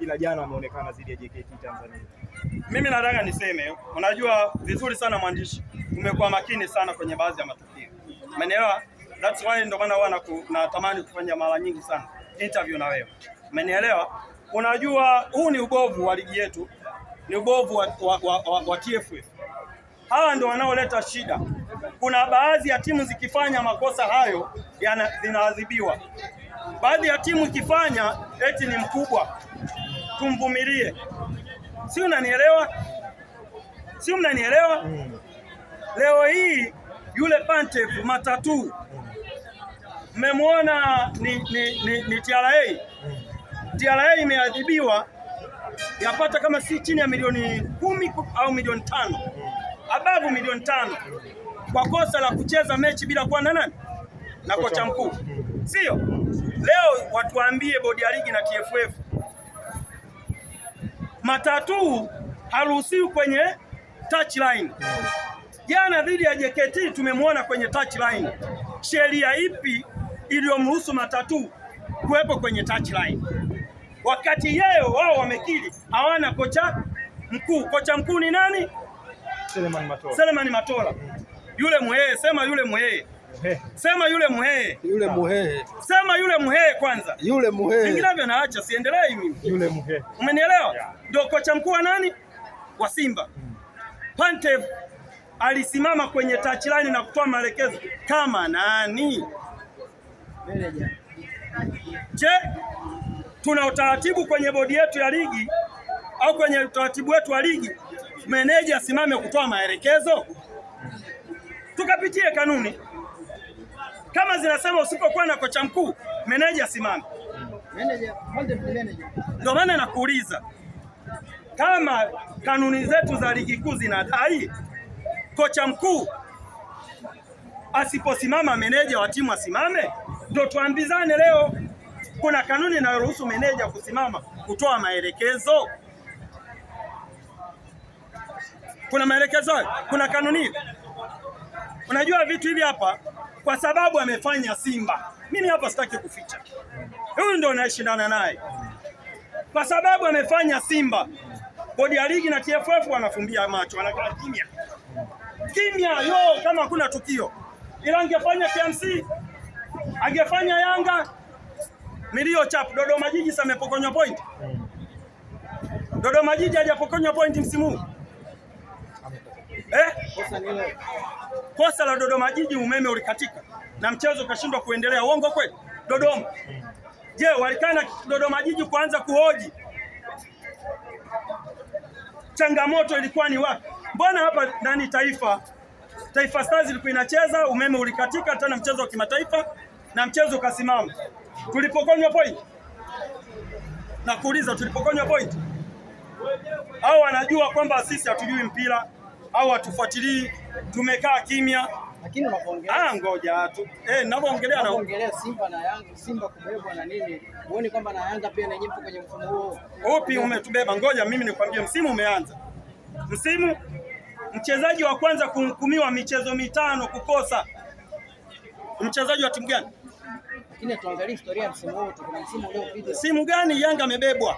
ila jana ameonekana zidi ya JKT Tanzania. Mimi nataka niseme, unajua vizuri sana mwandishi, umekuwa makini sana kwenye baadhi ya matukio, umenielewa? That's why ndio maana huwa natamani kufanya mara nyingi sana interview na wewe, umenielewa? Unajua huu ni ubovu wa ligi yetu, ni ubovu wa, wa, wa, wa, wa TFF. Hawa ndio wanaoleta shida. Kuna baadhi ya timu zikifanya makosa hayo zinaadhibiwa. Baadhi ya timu ikifanya eti ni mkubwa, tumvumilie. Si unanielewa? Si mnanielewa? Leo hii yule Pantev matatu mmemwona ni, ni, ni, ni TRA. TRA imeadhibiwa yapata kama si chini ya milioni kumi au milioni tano abavu milioni tano kwa kosa la kucheza mechi bila kuwa na nani na kocha mkuu, sio Leo watuambie bodi ya ligi na TFF, matatu haruhusiwi kwenye line. Jana dhidi ya JKT tumemwona kwenye line. Sheria ipi iliyomruhusu matatu kuwepo kwenye line wakati yeye wao wamekili hawana kocha mkuu? Kocha mkuu ni nani? Selemani Matola, Selemani Matola. Yule mweye sema, yule mweye Sema yule muhehe. Yule muhehe. Sema yule muhehe kwanza. Yule muhehe. Vinginevyo naacha siendelee mimi. Yule muhehe. Umenielewa? Ndio Kocha mkuu wa nani? Wa Simba. Hmm. Pantev alisimama kwenye touchline na kutoa maelekezo kama nani? Je, tuna utaratibu kwenye bodi yetu ya ligi au kwenye utaratibu wetu wa ligi meneja asimame kutoa maelekezo? Hmm. Tukapitie kanuni kama zinasema usipokuwa na kocha mkuu meneja simama, ndio maana nakuuliza kama kanuni zetu za ligi kuu zinadai kocha mkuu asiposimama meneja wa timu asimame, ndio tuambizane leo. Kuna kanuni inayoruhusu meneja kusimama kutoa maelekezo? Kuna maelekezo, kuna kanuni Unajua vitu hivi hapa kwa sababu amefanya Simba. Mimi hapa sitaki kuficha, huyu ndio anayeshindana naye kwa sababu amefanya Simba. Bodi ya ligi na TFF wanafumbia macho, wanakaa kimya kimya, yo kama hakuna tukio, ila angefanya KMC, angefanya Yanga milio chap. Dodoma Jiji samepokonywa point, Dodoma Jiji hajapokonywa point msimu huu. Kosa la Dodoma Jiji, umeme ulikatika na mchezo ukashindwa kuendelea. Uongo kweli? Dodoma, je, walikaa na Dodoma Jiji kuanza kuhoji changamoto ilikuwa ni wapi? Mbona hapa ndani Taifa Taifa Stars ilikuwa inacheza, umeme ulikatika, tena mchezo wa kimataifa na mchezo ukasimama. Tulipokonywa point, nakuuliza, tulipokonywa point. Hao wanajua kwamba sisi hatujui mpira au hatufuatilii, tumekaa kimya. Lakini unapoongelea ah, ngoja tu eh, ninapoongelea na ongelea Simba na Yanga, Simba kubebwa na nini? Uone kwamba na Yanga pia na ipo kwenye mfumo huo? Upi umetubeba? Ngoja mimi nikwambie, msimu umeanza. Msimu mchezaji wa kwanza kuhukumiwa michezo mitano kukosa, mchezaji wa timu gani? Lakini tuangalie historia ya msimu huu, kuna msimu uliopita. Simu gani Yanga amebebwa?